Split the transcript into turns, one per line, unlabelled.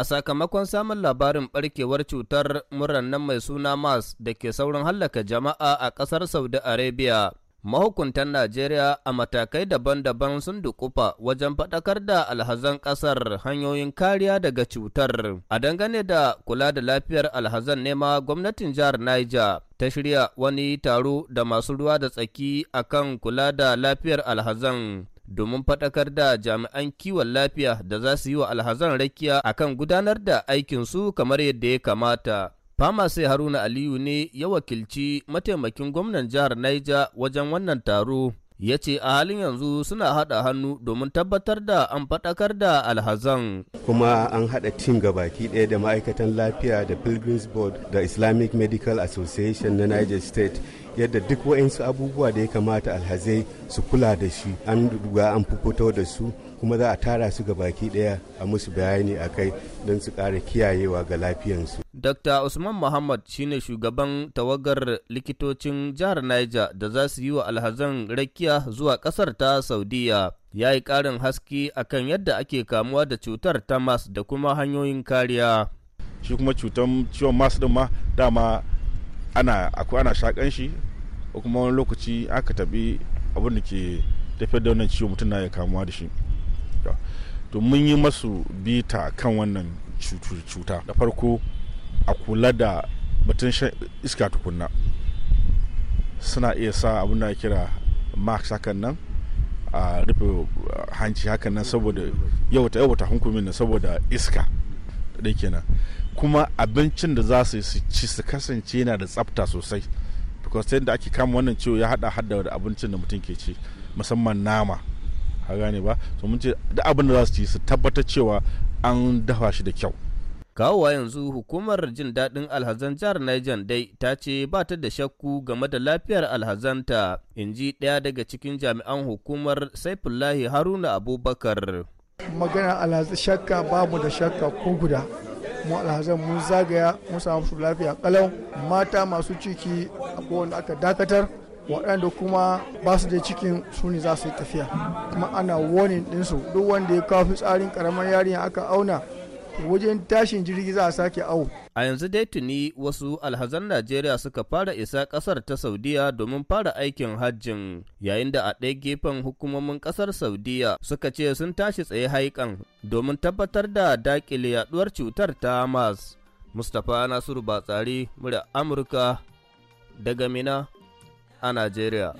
A sakamakon samun labarin barkewar cutar murar nan mai suna MAS da ke saurin hallaka jama'a a ƙasar Saudi Arabia, mahukuntan Najeriya a matakai daban-daban sun dukufa wajen faɗakar da alhazan ƙasar hanyoyin kariya daga cutar. A dangane da kula da lafiyar alhazan nema gwamnatin jihar Niger ta shirya wani taro da masu ruwa da tsaki akan kula da lafiyar alhazan. domin faɗakar da jami'an kiwon lafiya da za su yi wa alhazan rakiya akan gudanar da aikinsu kamar yadda ya kamata. Fama sai Haruna Aliyu ne ya wakilci mataimakin gwamnan jihar Niger wajen wannan taro ya ce a halin yanzu suna haɗa hannu domin tabbatar da an faɗakar da alhazan. Kuma an
haɗa tim gabaki ɗaya da ma'aikatan lafiya da Pilgrims Board da Islamic Medical Association na Niger State yadda duk waɗansu abubuwa da ya kamata alhazai su kula da shi an duga an fito da su kuma za a tara su baki ɗaya a musu bayani a kai don su ƙara kiyayewa ga lafiyansu.
Dr. Usman Muhammad shine shugaban tawagar likitocin jihar Niger da za su yi wa alhazan rakiya zuwa ƙasar ta Saudiya. Ya yi ƙarin haske akan yadda ake kamuwa da cutar ta mas da kuma hanyoyin kariya. Shi kuma cutar ciwon mas ɗin ma dama ana
akwai ana shakan shi ko kuma wani lokaci aka tabi abin da ke tafiyar da wannan ciwo mutum na ya kamuwa da shi. To mun yi masu bita kan wannan cuta. Da farko a kula da batun shan iska tukunna suna iya sa abin da kira max hakan nan a rufe hanci hakan nan saboda yawata ta hankumin na saboda iska da kenan kuma abincin da za su yi ci su kasance yana da tsafta sosai because yadda ake kama wannan ciwo ya hada hada da abincin da mutum ke ci musamman nama ka gane ba so mun ce duk abin da za su ci su tabbatar cewa an dafa shi
da kyau kawowa yanzu hukumar jin daɗin alhazan jihar Niger dai ta ce ba ta da shakku game da lafiyar alhazanta in ji ɗaya daga cikin jami'an hukumar saifullahi haruna abubakar
magana alhazan shakka babu da shakka ko guda mu alhazan mun zagaya mun samu su lafiya kalau mata masu ciki akwai wanda aka dakatar waɗanda kuma ba su da cikin su ne za su yi tafiya kuma ana warning ɗinsu duk wanda ya kawo fitsarin ƙaramar yarinya aka auna wajen tashin jirgi za a sake awo.
A yanzu dai tuni wasu alhazan Najeriya suka fara isa kasar ta Saudiya domin fara aikin hajjin yayin da a ɗaya gefen hukumomin kasar Saudiya suka ce sun tashi tsaye haikan domin tabbatar da dakile yaduwar cutar ta mars Mustapha Nasiru Batsari, murya Amurka daga Mina a Najeriya.